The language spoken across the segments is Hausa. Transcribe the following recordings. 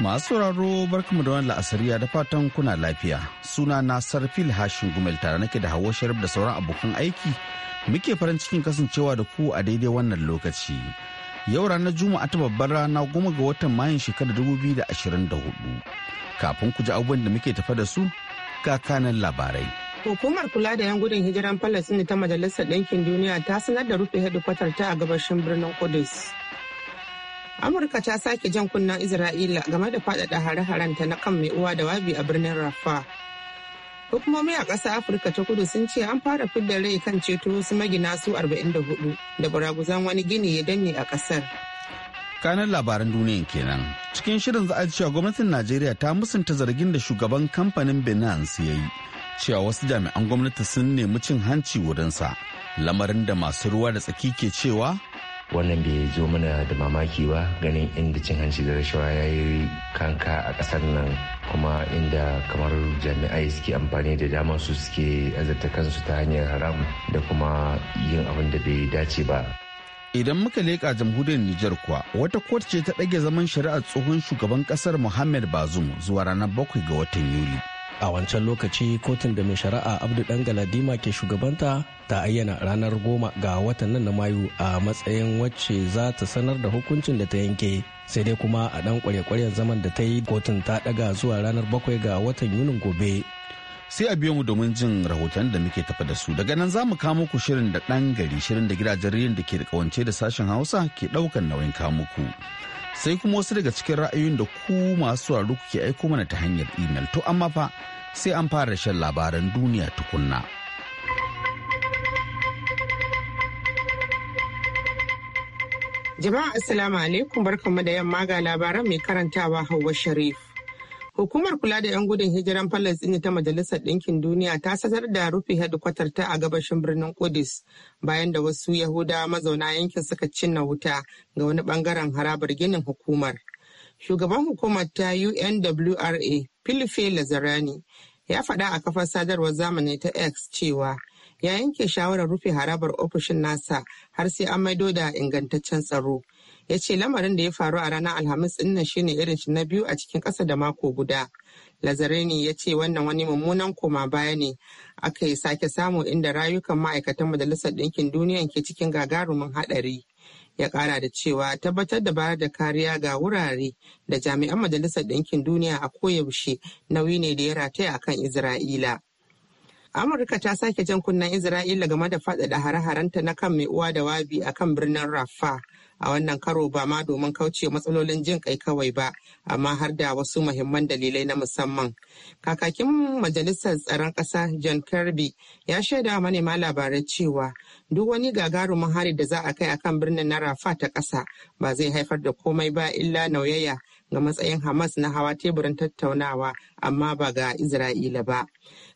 Masu sauraro barkamu da wani la'asariya da fatan kuna lafiya. Suna na Sarfil Hashin Gumel tare nake da Hauwa Sharif da sauran abokan aiki. Muke farin cikin kasancewa da ku a daidai wannan lokaci. Yau ranar Juma'a ta babbar rana goma ga watan Mayun shekarar 2024. Kafin ku ji abubuwan da muke tafa da su ga kanan labarai. Hukumar kula da 'yan gudun hijiran Falasini ta Majalisar Ɗinkin Duniya ta sanar da rufe hedikwatar ta a gabashin birnin Kudus. amurka ta sake jan kunnen isra'ila game da faɗaɗa hare-harenta na kan mai uwa da wabi a birnin rafa hukumomi a ƙasar afirka ta kudu sun ce an fara fidda rai kan ceto wasu magina su 44 da baraguzan wani gini ya danne a ƙasar kanan labaran duniyan kenan cikin shirin za a cewa gwamnatin najeriya ta musanta zargin da shugaban kamfanin binance ya yi cewa wasu jami'an gwamnati sun nemi cin hanci wurinsa lamarin da masu ruwa da tsaki ke cewa wannan bai zo mana da mamaki ba ganin inda cin hanci da rashawa ya yi kanka a ƙasar nan kuma inda kamar jami'ai suke amfani da damar su suke azarta kansu ta hanyar haram da kuma yin abin da bai dace ba idan muka leƙa jamhuriyar Nijar kuwa wata kotu ce ta ɗage zaman shari'ar tsohon shugaban ƙasar Muhammad bazum zuwa ranar bakwai ga watan Yuli. a wancan lokaci kotun da mai shari'a abdu dan galadima ke shugabanta ta ayyana ranar goma ga watan nan na mayu a matsayin wacce za ta sanar da hukuncin da ta yanke sai dai kuma a dan kwarekwaryen zaman da ta yi kotun ta daga zuwa ranar bakwai ga watan yunin gobe sai a biyo mu domin jin rahoton da muke tafa da su daga nan za mu kawo muku shirin da dan gari shirin da gidajen rediyon da ke da kawance da sashen hausa ke daukan nauyin kawo muku sai kuma wasu daga cikin ra'ayoyin da ku masu sauraro kuke aiko mana ta hanyar imel to amma fa sai an fara shan labaran duniya tukunna. Jama'a asalamu alaikum barkanmu da yamma ga labaran mai karantawa Hauwa Sharif. Hukumar kula da 'yan gudun hijiran Falasɗini ta Majalisar Ɗinkin Duniya ta sanar da rufe hedikwatar ta a gabashin birnin Kudus bayan da wasu Yahudawa mazauna yankin suka cinna wuta ga wani bangaren harabar ginin hukumar. Shugaban hukumar ta UNWRA Philippe Lazarani ya faɗa a kafar sadarwar zamani ta X cewa ya yanke shawarar rufe harabar ofishin nasa har sai an maido da ingantaccen tsaro. ya ce lamarin da ya faru a ranar alhamis dinnan shine irin shi na biyu a cikin kasa da mako guda lazarini ya ce wannan wani mummunan koma baya ne aka yi sake samu inda rayukan ma'aikatan majalisar ɗinkin duniya ke cikin gagarumin haɗari ya ƙara da cewa tabbatar da bayar da kariya ga wurare da jami'an majalisar ɗinkin duniya a koyaushe nauyi ne da ya rataya akan isra'ila Amurka ta sake jan kunnen Isra'ila game da faɗaɗa hare-harenta na kan mai uwa da wabi a kan birnin Rafa a wannan karo ba ma domin kauce matsalolin jin kai kawai ba amma har da wasu muhimman dalilai na musamman kakakin majalisar tsaron ƙasa john kirby ya shaida manema labarai cewa duk wani gagarumin hari da za a kai akan birnin na rafa ta ƙasa ba zai haifar da komai ba illa nauyaya ga matsayin Hamas na hawa teburin tattaunawa amma ba ga Isra'ila ba.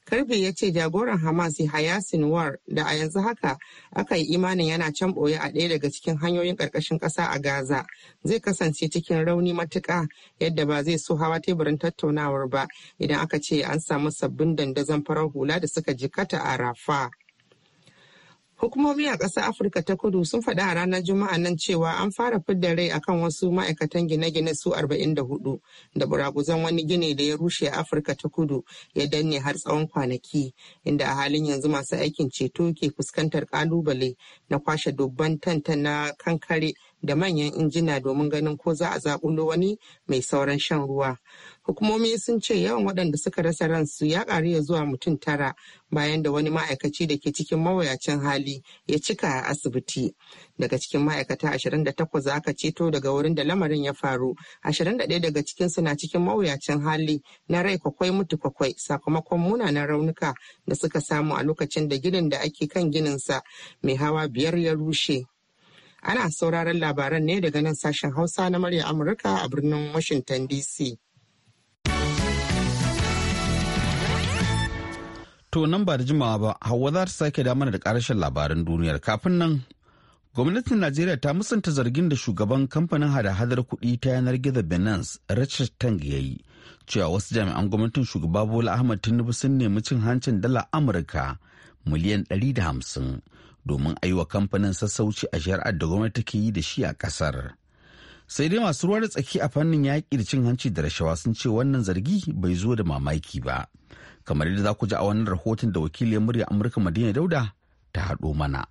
Karfe ya ce jagoran Hamas Yahya Sinwar da a yanzu haka aka yi imanin yana can ɓoye a ɗaya daga cikin hanyoyin ƙarƙashin ƙasa a Gaza zai kasance cikin rauni matuƙa yadda ba zai so hawa teburin tattaunawar ba idan aka ce an samu sabbin dandazon farar hula da suka jikata a Rafa. Hukumomi a ƙasar Afirka ta kudu sun faɗi a ranar Juma'a nan cewa an fara fidda rai akan wasu ma'aikatan gine-gine su 44 da buraguzan wani gine da ya rushe a Afirka ta kudu ya danne har tsawon kwanaki inda a halin yanzu masu aikin ceto ke fuskantar ƙalubale na kwashe dubban tantan na kankare da manyan injina domin ganin ko za a zaƙulo wani mai sauran shan ruwa. hukumomi sun ce yawan waɗanda suka rasa ransu ya ƙaru ya zuwa mutum tara bayan da wani ma'aikaci da ke cikin mawuyacin hali ya cika a asibiti daga cikin ma'aikata 28 aka ceto daga wurin da lamarin ya faru 21 daga cikin suna cikin mawuyacin hali na rai kwakwai mutu kwakwai sakamakon munanan raunuka da suka samu a lokacin da ginin da ake kan gininsa mai hawa biyar ya rushe ana sauraron labaran ne daga nan sashen hausa na murya amurka a birnin washington dc To nan ba da jimawa ba, Hauwa za ta sake damar da karashen labaran duniyar kafin nan. Gwamnatin Najeriya ta musanta zargin da shugaban kamfanin hada-hadar kuɗi ta yanar gizo Binance Richard Tang ya yi, cewa wasu jami'an gwamnatin shugaba Bola Ahmad Tinubu sun nemi cin hancin dala Amurka miliyan ɗari da hamsin, domin a yi wa kamfanin sassauci a shari'ar da gwamnati ke yi da shi a ƙasar. sai dai masu ruwa da tsaki a fannin yaƙi da cin hanci da rashawa sun ce wannan zargi bai zo da mamaki ba kamar yadda za ku ji a wannan rahoton da wakilin murya amurka madina dauda ta haɗo mana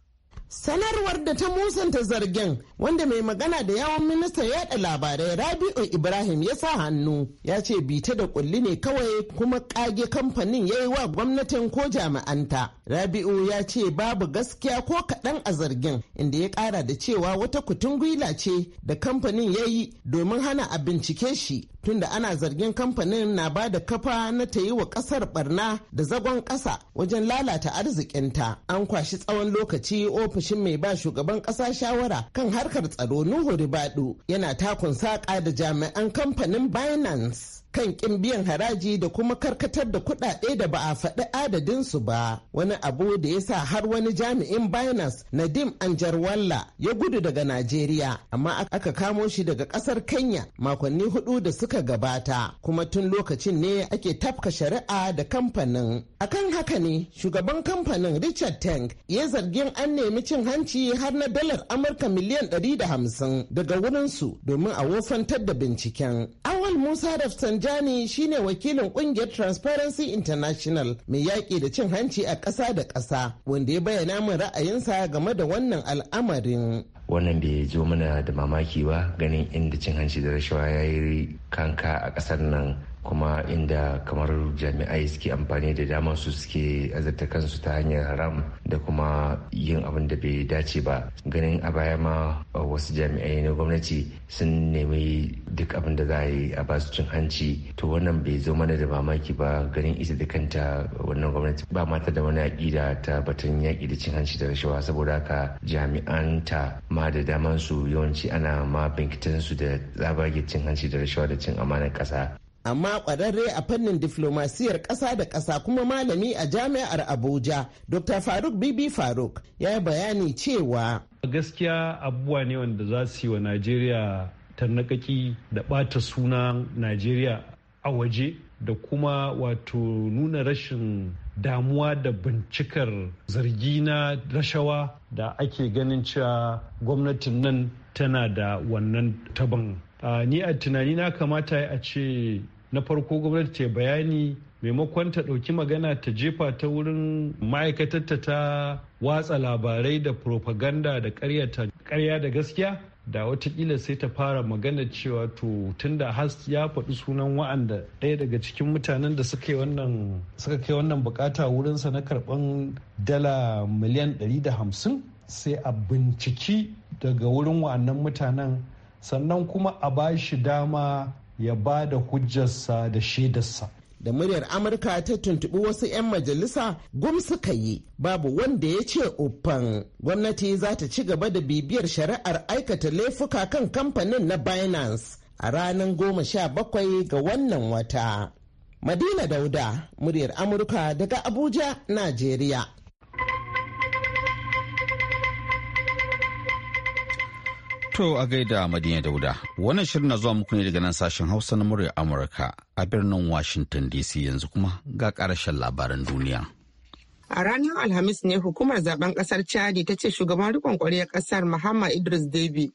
sanarwar da ta musanta zargin wanda mai magana da yawan ministan yada labarai rabi'u ibrahim ya sa hannu ya ce bita da kulli ne kawai kuma kage kamfanin ya yi wa gwamnatin ko jami'anta rabi'u ya ce babu gaskiya ko kaɗan a zargin inda ya ƙara da cewa wata kutun gwila ce da kamfanin ya yi domin hana a bincike shi tunda ana zargin kamfanin na ba da kafa na ta yi wa ƙasar barna da zagon ƙasa wajen lalata arzikinta an kwashi tsawon lokaci ofis ofishin mai ba shugaban ƙasa shawara kan harkar tsaro Nuhu Ribadu yana takun saƙa da jami'an kamfanin Binance. kan kin biyan haraji da kuma karkatar da kuɗaɗe da ba a faɗi adadinsu ba wani abu da ya sa har wani jami'in binance nadim anjarwalla ya gudu daga najeriya amma aka kamo shi daga ƙasar kenya makonni hudu da suka gabata kuma tun lokacin ne ake tafka shari'a da kamfanin akan haka ne shugaban kamfanin richard tank ya zargin an nemi cin hanci har na dalar amurka miliyan hamsin daga wurinsu domin a wofantar da binciken awal musa rafsan Tijjani shine wakilin kungiyar Transparency International mai yaƙi da cin hanci a ƙasa da ƙasa wanda ya bayyana min ra'ayinsa game da wannan al'amarin. Wannan bai zo mana da mamaki ba ganin inda cin hanci da rashawa ya yi kanka a ƙasar nan kuma inda kamar jami'ai suke amfani da dama su suke azarta kansu ta hanyar haram da kuma yin abin da bai dace ba ganin a baya ma wasu jami'ai na gwamnati sun nemi duk abin da za a yi a basu cin hanci to wannan bai zo mana da mamaki ba ganin ita da kanta wannan gwamnati ba mata da wani aƙida ta batun yaƙi da cin hanci da rashawa saboda haka jami'an ta ma da daman su yawanci ana ma binkitan su da tsabage cin hanci da rashawa da cin amanar ƙasa amma kwararre a fannin diflomasiyar ƙasa da ƙasa kuma malami a jami'ar abuja dr faruk bibi faruk ya yi bayani cewa A gaskiya abubuwa ne wanda za su yi wa najeriya ta tarnakaki da ɓata suna najeriya a waje da kuma wato nuna rashin damuwa da bincikar zargi na rashawa da ake ganin cewa gwamnatin nan tana da wannan taban Uh, ni a tunani na kamata a ce na farko gwamnati ce bayani maimakon ta ɗauki magana ta jefa ta wurin ma'aikatarta ta watsa labarai da propaganda da karya da gaskiya da watakila sai ta fara magana cewa to tunda has ya faɗi sunan wa'anda ɗaya daga cikin mutanen da suka kai wannan bukata wurinsa na karɓan dala miliyan 150 sai a binciki daga wurin wa'annan mutanen sannan kuma a ba shi dama ya ba da hujjarsa da shaidarsa da muryar amurka ta tuntubi wasu 'yan majalisa gum suka yi babu wanda ya ce uffan gwamnati za ta ci gaba da bibiyar shari'ar aikata laifuka kan kamfanin na binance a ranar goma sha bakwai ga wannan wata madina dauda muryar amurka daga abuja najeriya To a gaida Madina Dauda, wannan shirin na zuwa muku ne daga nan sashen Hausa na murya Amurka a birnin Washington DC yanzu kuma ga karashen labaran duniya. A ranar Alhamis ne hukumar zaben kasar Chadi ta ce shugaban rikon kwariyar kasar Muhammad Idris Deby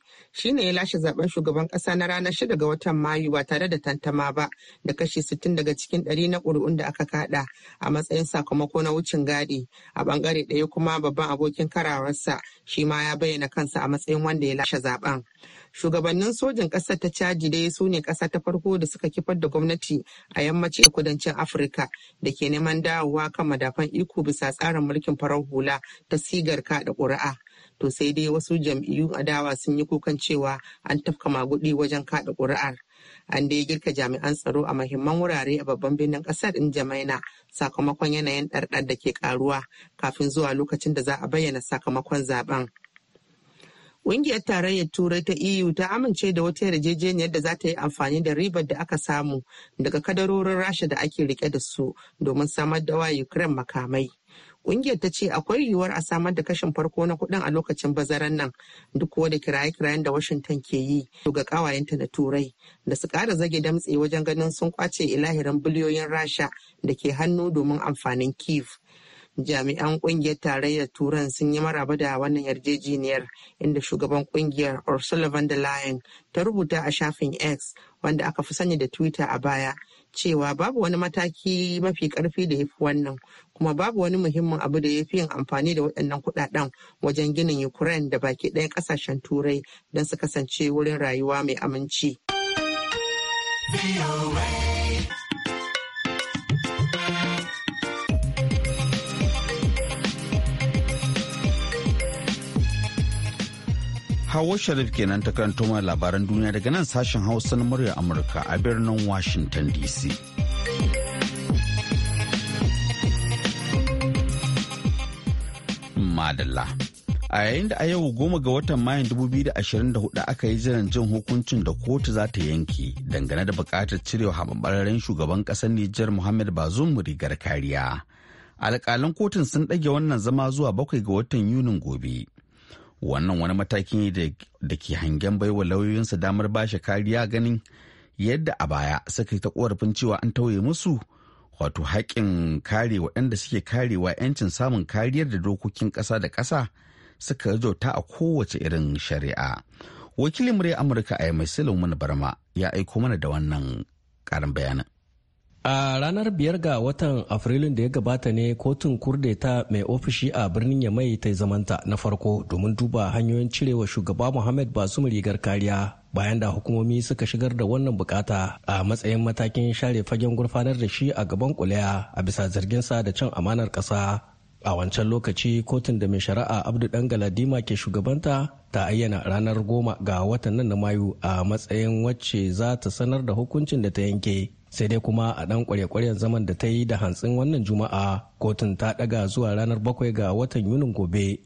ne ya lashe zaben shugaban kasa na ranar 6 ga watan Mayu ba tare da tantama ba da kashi 60 daga cikin 100 na ƙuri'un da aka kada a matsayin sakamako na wucin gadi. A bangare ɗaya kuma babban abokin karawarsa shi ma ya bayyana kansa a matsayin wanda ya lashe zaben. Shugabannin sojin ƙasar ta Chadi dai su ne ƙasa ta farko da suka kifar da gwamnati a yammaci da kudancin Afirka da ke neman dawowa kan madafan iko bisa bisa tsarin mulkin farar hula ta sigar kaɗa ƙuri'a to sai dai wasu jam'iyyu adawa sun yi kukan cewa an tafka magudi wajen kaɗa ƙuri'ar an dai girka jami'an tsaro a mahimman wurare a babban birnin ƙasar in jamaina sakamakon yanayin ɗarɗar da ke ƙaruwa kafin zuwa lokacin da za a bayyana sakamakon zaben Ƙungiyar Tarayyar Turai ta EU ta amince da wata yarjejeniyar da za ta yi amfani da ribar da aka samu daga kadarorin Rasha da ake rike da su domin samar da wa Ukraine makamai. Ƙungiyar ta ce akwai yiwuwar a samar da kashin farko na kuɗin a lokacin bazaran nan duk da kiraye-kirayen da Washington ke yi ga ƙawayenta na Turai da su ƙara zage damtse wajen ganin sun kwace ilahirin biliyoyin Rasha da ke hannu domin amfanin Kiev. jami'an kungiyar tarayyar turan sun yi maraba da wannan yarjejeniyar inda shugaban kungiyar ursula von der leyen ta rubuta a shafin x wanda aka fi sani da twitter a baya cewa babu wani mataki mafi karfi da ya fi wannan kuma babu wani muhimmin abu da ya fi yin amfani da waɗannan kuɗaɗen wajen ginin ukraine da baki ɗaya ƙasashen turai don su kasance wurin rayuwa mai aminci. Hawa Sharif kenan ta karanto mana labaran duniya daga nan sashen Hausa na muryar Amurka a birnin Washington DC. Madalla. A yayin da a yau goma ga watan Mayun 2024 aka yi jiran jin hukuncin da kotu za ta yanke dangane da bukatar cirewa haɓaɓɓararren shugaban ƙasar Nijar Muhammad Bazoum rigar kariya. Alƙalan kotun sun ɗage wannan zama zuwa bakwai ga watan Yunin gobe. wannan wani mataki ne da ke hangen baiwa lauyoyinsa damar ba shi kariya ganin yadda a baya suka yi ta korafin cewa an tauye musu wato haƙƙin kare waɗanda suke karewa 'yancin samun kariyar da dokokin ƙasa da ƙasa suka rajauta a kowace irin shari'a wakilin murya amurka a yamai barma ya aiko mana da wannan ƙarin bayanin A ranar biyar ga watan Afrilun da ya gabata ne kotun Kurde ta mai ofishi a birnin ya mai ta zamanta na farko domin duba hanyoyin cirewa shugaba Muhammad Basum rigar kariya bayan da hukumomi suka shigar da wannan bukata a matsayin matakin share fagen gurfanar da shi a gaban kuliya a bisa zarginsa da cin amanar ƙasa. A wancan lokaci kotun da mai shari'a Abdu Dan Galadima ke shugabanta ta ayyana ranar goma ga watan nan na Mayu a matsayin wacce za ta sanar da hukuncin da ta yanke. sai dai kuma a ɗan kware-kwaren zaman da ta yi da hantsin wannan juma'a kotun ta ɗaga zuwa ranar bakwai ga watan yunin gobe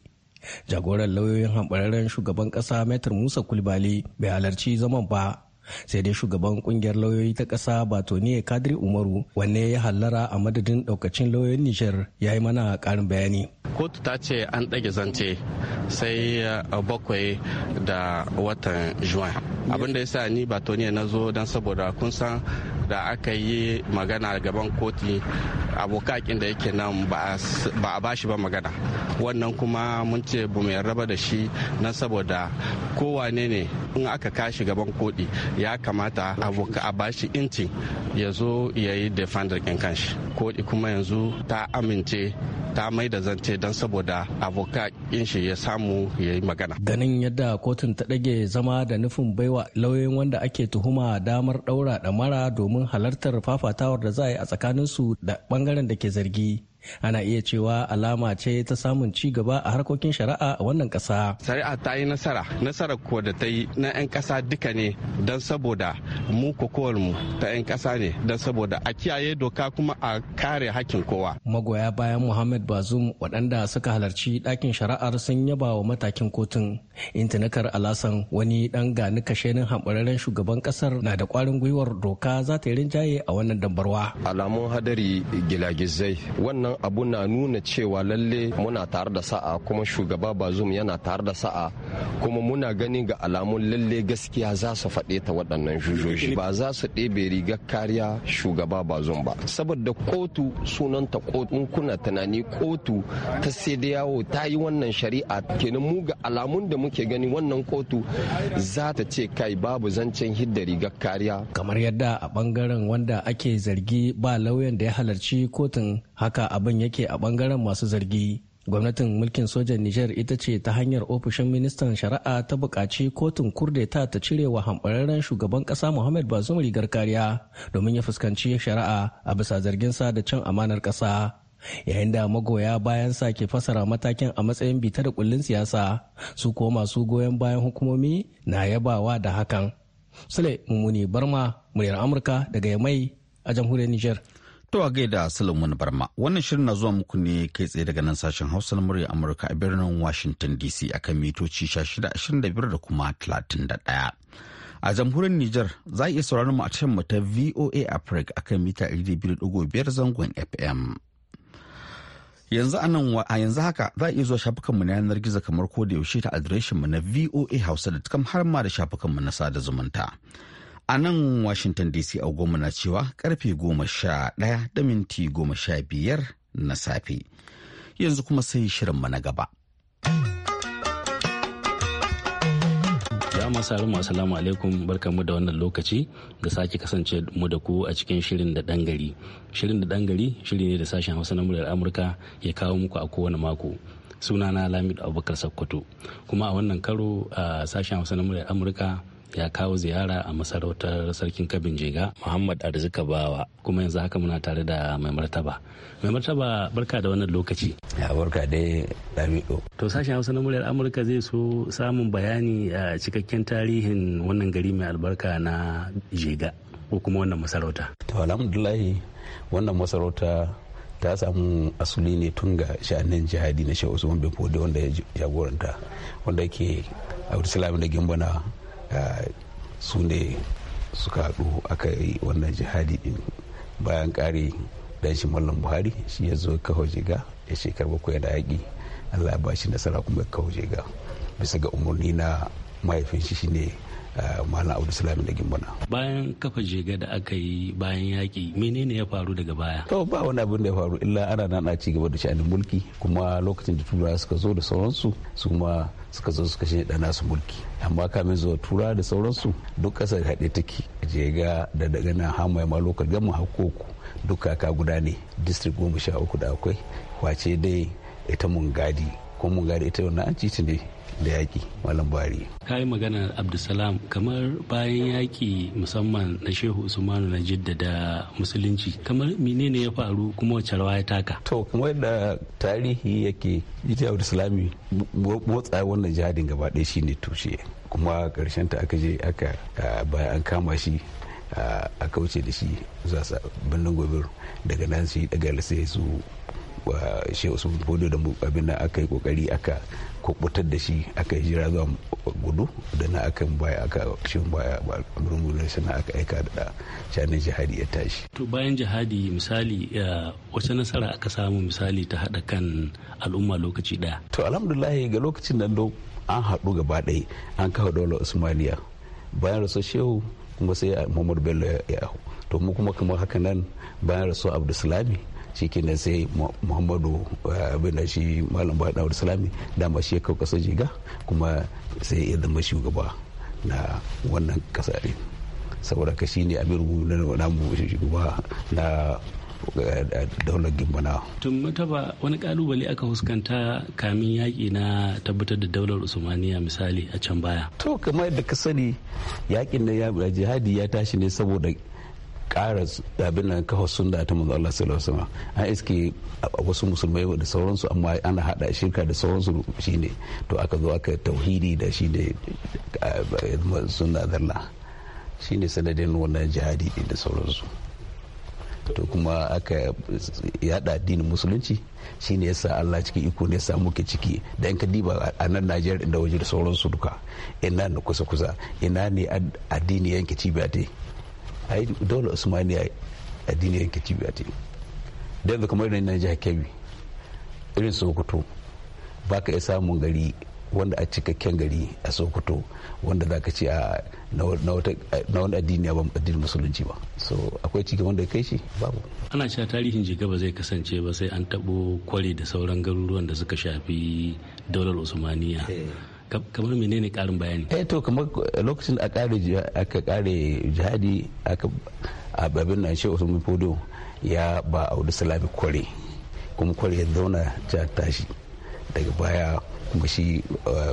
jagoran lauyoyin hambararren shugaban ƙasa metar musa kulbali bai halarci zaman ba sai dai shugaban ƙungiyar lauyoyi ta ƙasa batoniye kadri umaru wanne ya hallara a madadin ɗaukacin lauyoyin nijar ya yi mana ƙarin bayani kotu ta ce an ɗage zance sai uh, bakwai da watan juwan abinda ya sa ni batoniye na zo don saboda kun san da aka yi magana gaban koti abokakin da yake nan ba a bashi ba magana wannan kuma mun ce ba raba da shi na saboda kowane ne in aka kashi gaban koti ya kamata a bashi inci ya zo ya yi defender ɗin kanshi koti kuma yanzu ta amince ta mai da zance don saboda in shi ya samu ya yi magana. Ganin yadda kotun ta ɗage zama da nufin baiwa lauyoyin wanda ake tuhuma damar ɗaura ɗamara domin halartar fafatawar da za a yi a tsakaninsu da bangaren da ke zargi ana iya cewa alama ce ta samun ci gaba a harkokin shari'a a wannan ƙasa. shari'a ta yi nasara nasara kuwa da ta yi na 'yan ƙasa duka ne don saboda mu kokowar mu ta 'yan ƙasa ne don saboda a kiyaye doka kuma a kare hakkin kowa magoya bayan muhammad bazum waɗanda suka halarci ɗakin shari'ar sun yaba wa matakin kotun intanakar alasan wani ɗan gani kashenin hambararren shugaban ƙasar na da ƙwarin gwiwar doka za ta yi rinjaye a wannan dambarwa alamun hadari gilagizai wannan abu na nuna cewa lalle muna tare da sa'a kuma shugaba bazum yana tare da sa'a kuma muna gani ga alamun lalle gaskiya za su faɗe ta waɗannan jujoji ba za su ɗebe rigar kariya shugaba bazum ba saboda kotu sunanta kotu in kuna tunani kotu ta sai da yawo ta yi wannan shari'a kenan mu ga alamun da muke gani wannan kotu za ta ce kai babu zancen hidda rigar kariya kamar yadda a bangaren wanda ake zargi ba lauyan da ya halarci kotun haka a abin yake a bangaren masu zargi gwamnatin mulkin sojan niger ita ce ta hanyar ofishin ministan shari'a ta buƙaci kotun kurdeta ta cire wa hamɓararren shugaban ƙasa muhammad bazum rigar kariya domin ya fuskanci shari'a a bisa zarginsa da cin amanar ƙasa yayin da magoya bayan sa ke fasara matakin a matsayin bita da kullun siyasa su ko masu goyon bayan hukumomi na yabawa da hakan sule mummuni barma muryar amurka daga yamai a jamhuriyar niger To a gaida Solomon Barma, wannan shirin na zuwa muku ne kai tsaye daga nan sashen Hausa na murya Amurka a birnin Washington DC a akan mitoci 1625 da kuma 31. A jamhuriyar Nijar za a iya sauraron mu a cikin mu ta VOA Africa kan mita 200.5 zangon FM. Yanzu a yanzu haka za a iya zuwa shafukanmu na yanar gizo kamar ko da yaushe ta adireshin mu na voahausa.com har ma da shafukanmu na sada zumunta. a nan washington dc agogo na cewa karfe goma sha ɗaya da minti goma sha biyar na safe yanzu kuma sai shirinmu na gaba masu haruma Assalamu alaikum barkamu da wannan lokaci da sake kasance mu da ku a cikin shirin da ɗan Shirin da dangari gari shiri ne da sashen Hausa na muryar Amurka ya kawo muku a kowane mako. Sunana Lamid Abubakar Sakkwato. Kuma a wannan karo a sashen Hausa na muryar Amurka ya kawo ziyara a masarautar sarkin kabin jega muhammad arzika bawa kuma yanzu haka muna tare da mai martaba mai martaba barka da wannan lokaci ya barka dai lamido to sashen hausa na muryar amurka zai so samun bayani a cikakken tarihin wannan gari mai albarka na jega ko kuma wannan masarauta to alhamdulahi wannan masarauta ta samu asuli ne tun ga sha'anin jihadi na shehu usman bin wanda ya jagoranta wanda ke a islamin da gimbana su ne suka haɗu aka yi wannan jihadi din bayan ƙari dan shi mallam buhari shi ya zo kawo jiga ya shekar bakwai yana yaƙi allah ba shi nasara kuma ya kawo jiga bisa ga umarni na mahaifin shi shine Eh, malam abdul salami da gimbana bayan kafa jega da aka yi bayan yaƙi menene ya faru daga baya to ba wani abin da ya faru illa ana nana ci gaba da sha'anin mulki kuma lokacin da turawa suka zo da sauransu su kuma suka zo suka shi da nasu mulki amma kamin zuwa tura da sauransu duk ƙasar haɗe take jega da daga nan hamaya ma lokal gama hakoku duk kaka guda ne district goma sha uku da akwai wace dai ita mun gadi ko mun gadi ita wannan an ci ne da yaƙi malam buhari yi magana abdulsalam kamar bayan yaƙi musamman na shehu usmanu na jidda da musulunci kamar menene ya faru kuma wacce rawa ya taka to kuma yadda tarihi yake ita abdulsalami motsa wannan jihadin gaba ɗaya ne tushe kuma karshen ta aka je aka bayan an kama shi a kauce da shi za su birnin gobir daga nan shi daga sai su shehu usmanu fodo da abin da aka yi kokari aka kubutar da shi aka yi jira zuwa gudu da na akan baya aka shin baya ba murmurar sana aka aika da shanin jihadi ya tashi to bayan jihadi misali wace nasara aka samu misali ta hada kan al'umma lokaci daya to alhamdulillah ga lokacin nan do an haɗu gaba ɗaya an kawo daular usmaniya bayan rasu shehu kuma sai muhammad bello ya to mu kuma kamar haka nan bayan rasu abdulsalami cikin da sai muhammadu eh, abin da shi malam ba da salami dama shi ya kau kasar jiga kuma sai ya zama shugaba na wannan kasa ne saboda ka shine abin rubutu na namu shugaba na eh, daular gimbana. tun ba wani kalubale aka fuskanta kamin yaƙi na tabbatar da daular usmaniya misali a can baya to kamar da ka sani yaƙin na jihadi ya tashi ne saboda kara abin nan kafa sunna ta manzo Allah sallallahu alaihi wasallam an iske wasu musulmai da sauransu amma ana hada shirka da sauransu shine to aka zo aka tauhidi da shi suna sunna zalla shine sanadin wannan jihadi da sauransu to kuma aka yada addinin musulunci shine yasa Allah ciki iko ne samu muke ciki da in ka diba a nan Najeriya da waje da sauransu duka ina ne kusa kusa ina ne addini yanke cibiya a yi daular usmaniya addini yanke cibiya don na jihar kebbi irin sokoto ba iya samun gari wanda a cikakken gari a sokoto wanda za ka ce ah, a na wani addini ba addinin musulunci ba so akwai cikin wanda ya kai shi babu ana cewa tarihin jiga ba zai kasance ba sai an taɓo kwari da sauran garuruwan da suka shafi daular usmaniya eh. kamar menene karin bayani eh to kamar lokacin da aka kare jihadi aka ababin na shi usman fodo ya ba audu salami kware kuma kware ya zauna ta tashi daga baya kuma shi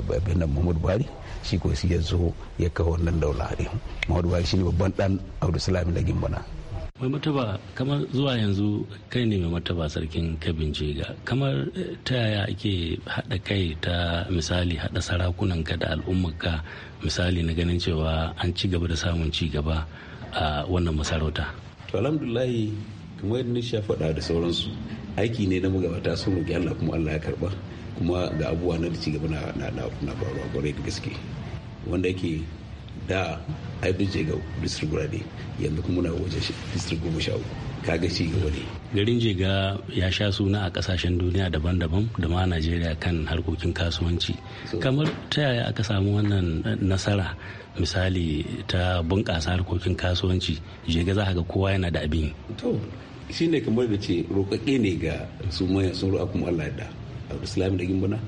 babin eh, na muhammadu buhari shi ko shi ya zo ya kawo nan daular a muhammadu buhari shi ne babban dan audu salami na gimbana mai mataba kamar zuwa yanzu kai ne mai mataba sarkin kabin jega kamar eh, ta yaya ake haɗa kai ta misali haɗa ka da al'ummarka misali na ganin cewa an ci gaba da samun ci gaba a wannan masarauta to alhamdulahi kuma yadda sha faɗa da sauransu aiki ne na magabata sun roƙi allah kuma allah ya karba kuma ga abubuwa na da ci gaba na faruwa gwarai da gaske wanda yake da ai ga district gurabe ne yanzu kuma muna wajen district goma sha uku kaga ci gaba ne garin jega ya sha suna a kasashen duniya daban-daban da ma najeriya kan harkokin kasuwanci kamar ta yaya aka samu wannan eh, nasara misali ta bunƙasa harkokin kasuwanci jega za ga kowa yana da abin to shine kamar da ce roƙaƙe ne ga su mayan sun ru'a kuma allah da islamu da gimbana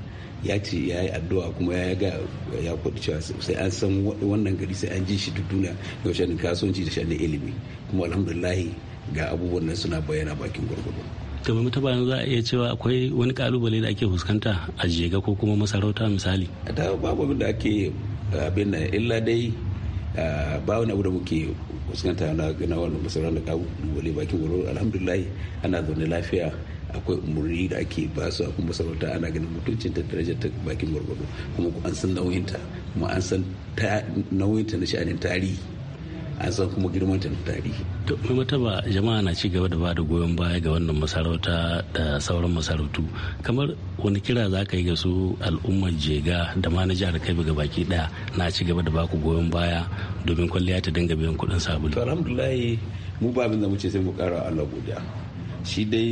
ya ce ya yi addu'a kuma ya ga ya kwadu cewa sai an san wannan gari sai an ji shi duk duniya yau shanin kasuwanci da shanin ilimi kuma alhamdulillahi ga abubuwan nan suna bayyana bakin gwargwado kamar mai mutaba za a iya cewa akwai wani kalubale da ake fuskanta a jega ko kuma masarauta misali ta babu abin da ake abin na illa dai ba wani abu da muke fuskanta na gina wannan masarauta kalubale bakin gwargwado alhamdulillahi ana zaune lafiya akwai umurni da ake ba su a kuma sarauta ana ganin mutuncin ta darajar ta bakin gwargwado kuma an san nauyinta kuma an san nauyinta na sha'anin tarihi an san kuma girman ta na tarihi. to mai mataba jama'a na ci gaba da ba da goyon baya ga wannan masarauta da sauran masarautu kamar wani kira za ka yi ga su al'ummar jega da ma na jihar kebbi ga baki ɗaya na ci gaba da baku goyon baya domin kwalliya ta dinga biyan kuɗin sabulu. Alhamdulilayi mu ba abin da mu sai mu kara Allah godiya shi dai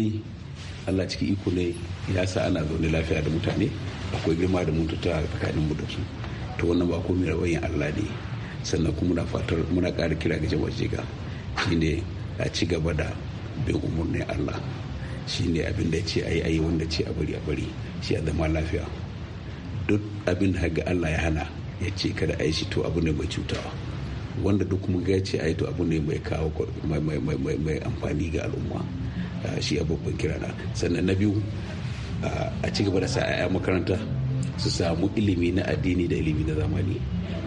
allah ciki iko ne ya sa ana zaune lafiya da mutane akwai girma da mutunta tsakanin mu da su to wannan ba komai wayan allah ne sannan kuma muna fatar muna ƙara kira ga jama'a jiga shine a ci gaba da bin umarnin allah shine abin da ya ce a yi wanda ce a bari a bari shi a zama lafiya duk abin da ga allah ya hana ya ce kada a yi shi to abu ne mai cutawa wanda duk kuma ya ce a to abu ne mai kawo mai amfani ga al'umma shi abubuwan kirana sannan na biyu a ci gaba da sa 'ya'ya makaranta su samu ilimi na addini da ilimi na zamani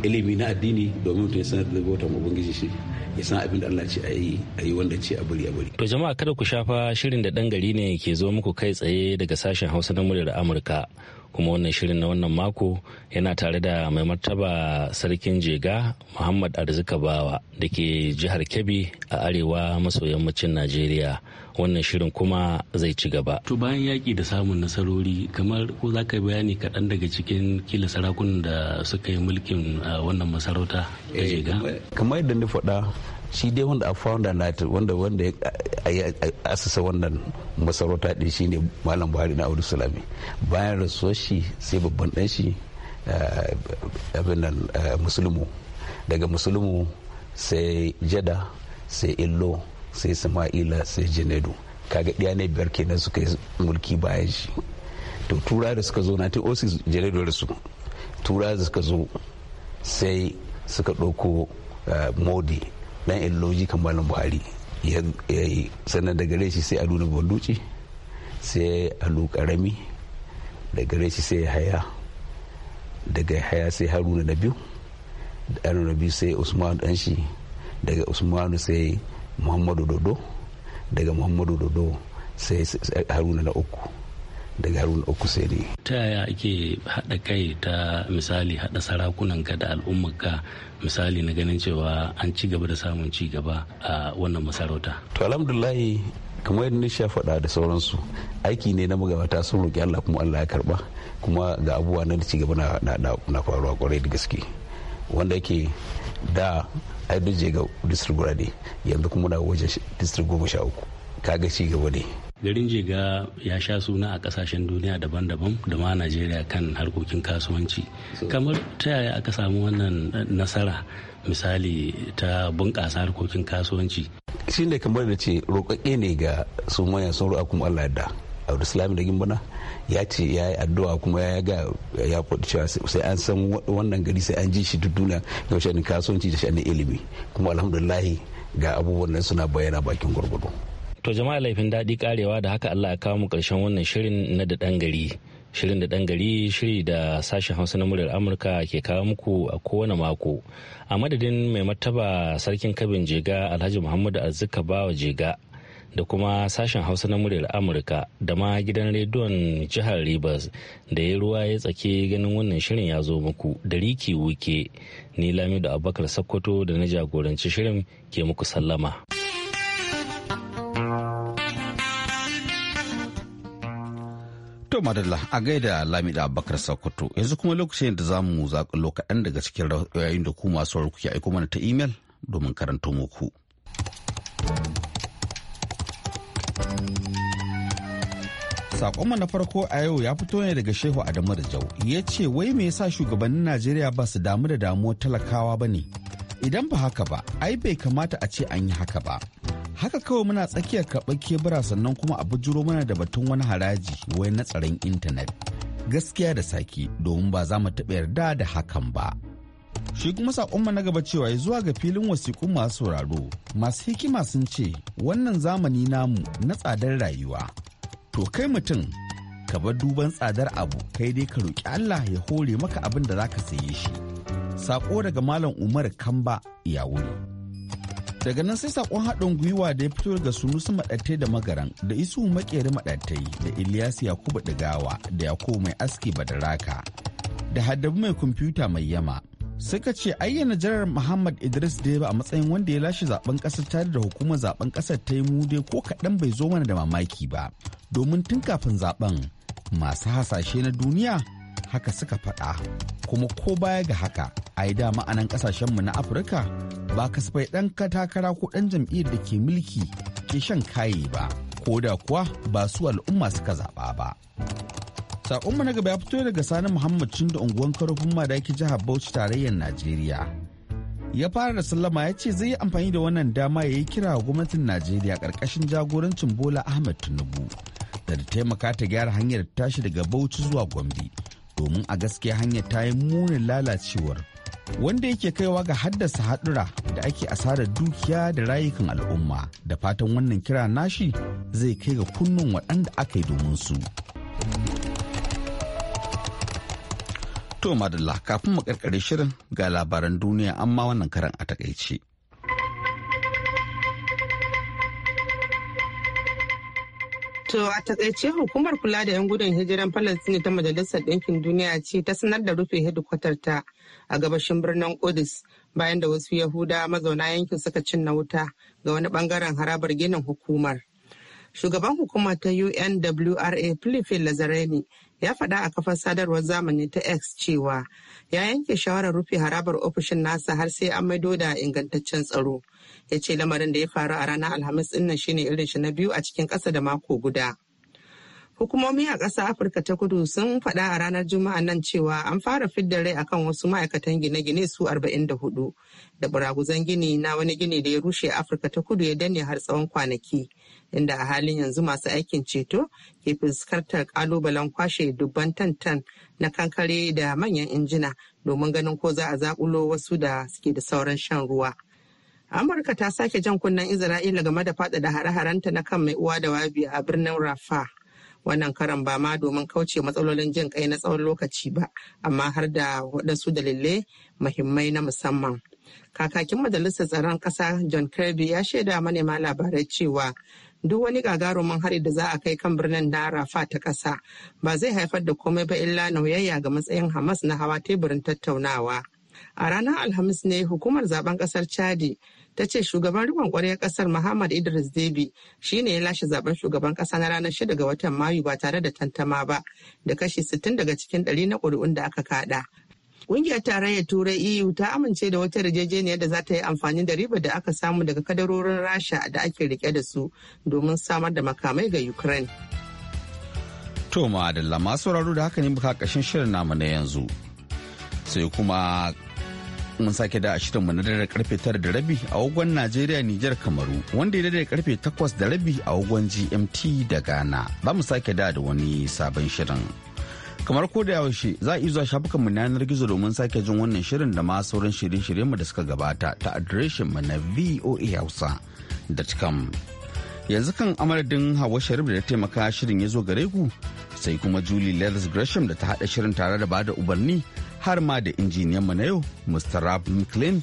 ilimi na addini domin mutum ya sanar da bautan ubangiji shi ya san abin da Allah ce a yi a yi wanda ce a buri a buri. To jama'a kada ku shafa shirin da dan gari ne ke zo muku kai tsaye daga sashen Hausa na muryar Amurka kuma wannan shirin na wannan mako yana tare da mai martaba sarkin jega Muhammad arzikabawa Bawa da ke jihar Kebbi a arewa maso yammacin Najeriya. wannan shirin kuma zai ci gaba. To bayan yaƙi da samun nasarori kamar ko za ka bayani kaɗan daga cikin kila sarakunan da suka yi mulkin wannan masarauta ta eh, jiga? Kamar yadda na faɗa shi dai wanda a founder nati wanda wanda ya asasa wannan masarauta din ne malam buhari na audu sulami bayan rasuwar shi sai babban ɗan shi musulmu daga musulmu sai jada sai illo sai sama'ila sai janadu kaga ɗaya na biyar kenan suka yi mulki bayan shi to tura da suka zo na ta osi oh janedo su tura da suka zo sai suka ɗauko eh, modi ɗan iloji kamalin buhari ya yi sannan da gare shi sai a nuna balduci sai alu karami da gare shi sai haya daga haya sai haruna na biyu da haruna biyu sai usman dan shi daga usmanu sai muhammadu dodo daga muhammadu dodo sai haruna na uku daga haruna uku sai ne ta yaya ake haɗa kai ta misali haɗa ka da ka misali na ganin cewa an ci gaba da samun ci gaba a wannan masarauta to alhamdulahi kamar yadda nisha faɗa da sauransu aiki ne na magabata sun roƙi allah kuma allah ya karba kuma ga abubuwa na ci gaba na faruwa kwarai da gaske wanda yake da a duje ga district guda ne yanzu kuma na wajen district goma sha uku kaga ci gaba ne garin jega ya sha suna a kasashen duniya daban-daban da ma najeriya kan harkokin kasuwanci kamar ta yaya aka samu wannan nasara misali ta bunƙasa harkokin kasuwanci shi ne kamar da ce roƙaƙe ne ga su mayan sauro a kuma allah da abdulsalam da gimbana ya ce ya yi addu'a kuma ya ga ya faɗi cewa sai an san wannan gari sai an ji shi duk duniya ga shanin kasuwanci da shanin ilimi kuma alhamdulillahi ga abubuwan nan suna bayyana bakin gwargwado to jama'a laifin daɗi karewa da haka allah ya kawo mu ƙarshen wannan shirin na da ɗan gari shirin da ɗan gari shiri da sashen hausa na muryar amurka ke kawo muku a kowane mako a madadin mai martaba sarkin kabin jega alhaji muhammadu arzika bawa jega da kuma sashen hausa na muryar amurka da ma gidan rediyon jihar rivers da ya ruwa ya tsake ganin wannan shirin ya zo muku da riki wuke ni lamido abubakar sakkwato da na jagoranci shirin ke muku sallama To madalla a gaida Lamida Bakar Sokoto yanzu kuma lokacin da za mu zaƙi lokacin daga cikin yayin da ku masu kuke aiko mana ta imel domin karanto muku. saƙonmu na farko a yau ya fito ne daga Shehu Adamu da Jau. Ya ce wai me yasa shugabannin Najeriya ba su damu da damuwar talakawa ba ne? Idan ba haka ba, ai bai kamata a ce an yi haka ba. Haka kawai muna tsakiyar karɓar kebura sannan kuma a bujuro mana da batun wani haraji wai na tsaron intanet. Gaskiya da sake domin ba za mu taɓa yarda da hakan ba. Shi kuma saƙonmu na gaba cewa zuwa ga filin wasiƙun masu sauraro, masu hikima sun ce wannan zamani namu na tsadar rayuwa. To kai mutum, ka bar duban tsadar abu kai dai ka roƙi Allah ya hore maka abin da za ka saye shi. Saƙo daga Malam Umar Kamba ya wuri. daga nan sai sakon haɗin gwiwa da ya fito daga sunusu maɗattai da magaran da isu makeri maɗattai da ilyas yakubu ɗigawa da yakubu mai aski badaraka da haddabu mai kwamfuta mai yama suka ce ayyana jiran muhammad idris deba a matsayin wanda ya lashe zaben kasar tare da hukumar zaben kasar ta yi mude ko kaɗan bai zo mana da mamaki ba domin tun kafin zaben masu hasashe na duniya haka suka faɗa kuma ko baya ga haka a yi dama a nan ƙasashenmu na afirka ba kasfai ɗan katakara ko ɗan jam'iyyar da ke mulki ke shan kaye ba ko da kuwa ba su al'umma suka zaɓa ba mu na gaba ya fito daga Sani Muhammad da unguwan karofin madaki jihar Bauchi tarayyar Najeriya. Ya fara da sallama ya ce zai yi amfani da wannan dama ya yi kira gwamnatin Najeriya ƙarƙashin jagorancin Bola Ahmed Tinubu da ta taimaka ta gyara hanyar tashi daga Bauchi zuwa Gombe domin a gaskiya hanyar ta yi munin lalacewar wanda yake kaiwa ga haddasa haɗura da ake asarar dukiya da rayukan al'umma da fatan wannan kira nashi zai kai ga kunnun waɗanda aka yi domin su. To madalla kafin mu karkare shirin ga labaran duniya amma wannan karan a takaice. To a takaice hukumar kula da 'yan gudun hijiran Falasini ta Majalisar Ɗinkin Duniya ce ta sanar da rufe hedikwatar ta a gabashin birnin odis bayan da wasu Yahuda mazauna yankin suka cinna wuta ga wani bangaren harabar ginin hukumar. Shugaban hukumar ta UNWRA Philippine Lazzarini ya faɗa a kafar sadarwar zamani ta X cewa ya yanke shawarar rufe harabar ofishin nasa har sai an maido da ingantaccen tsaro. Ya ce lamarin da ya faru a ranar Alhamis ɗin shine irin shi na biyu a cikin ƙasa da mako guda. hukumomi a ƙasar afirka ta kudu sun faɗa a ranar juma'a nan cewa an fara fidda rai akan wasu ma'aikatan gine-gine su 44 da buraguzan gini na wani gini da ya rushe afirka ta kudu ya danne har tsawon kwanaki inda a halin yanzu masu aikin ceto ke fuskantar kalubalen kwashe dubban tantan na kankare da manyan injina domin ganin ko za a zakulo wasu da suke da sauran shan ruwa. Amurka ta sake jan kunnen Isra'ila game da faɗaɗa hare-harenta na kan mai uwa da wabi a birnin Rafa. Wannan karan ba ma domin kauce matsalolin jin kai na tsawon lokaci ba, amma har da waɗansu dalilai mahimmai na musamman. Kakakin Majalisar Tsaron Ƙasa John Kirby ya shaida manema labarai cewa duk wani gagarumin hari da za a kai kan birnin na rafa ta kasa ba zai haifar da komai ba illa nauyayya ga matsayin hamas na hawa teburin tattaunawa a ranar alhamis ne hukumar zaben ƙasar chadi ta ce shugaban rikon ƙwarya ƙasar muhammad idris debi shine ya lashe zaben shugaban ƙasa na ranar shida ga watan mayu ba tare da tantama ba da kashi sittin daga cikin 100 na ƙuri'un da aka kada Ƙungiyar Tarayyar Turai EU ta amince da wata yarjejeniyar da za ta yi amfani da riba da aka samu daga kadarorin Rasha da ake rike da su domin samar da makamai ga Ukraine. To ma'adalla masu sauraro da haka ne muka kashin shirin namu na yanzu. Sai kuma mun sake da shirin mu na dare karfe tara da rabi a wagon Najeriya Nijar Kamaru wanda ya dare karfe 8 da rabi a wagon GMT da Ghana. Ba mu sake da da wani sabon shirin. kamar ko da yaushe za a iya zuwa shafukanmu na yanar gizo domin sake jin wannan shirin da ma sauran shirye-shiryen mu da suka gabata ta adireshin mu na voa hausa cikam yanzu kan amaradin hawa sharif da ta taimaka shirin ya zo gare ku sai kuma julie leathers gresham da ta haɗa shirin tare da bada ubarni har ma da injiniyan mu na yau mr rab mclean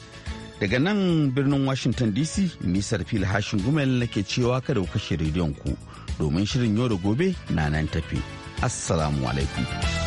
daga nan birnin washington dc nisar fil hashin gumel nake cewa kada ku kashe rediyon ku domin shirin yau da gobe na nan tafi. Assalamu alaikum.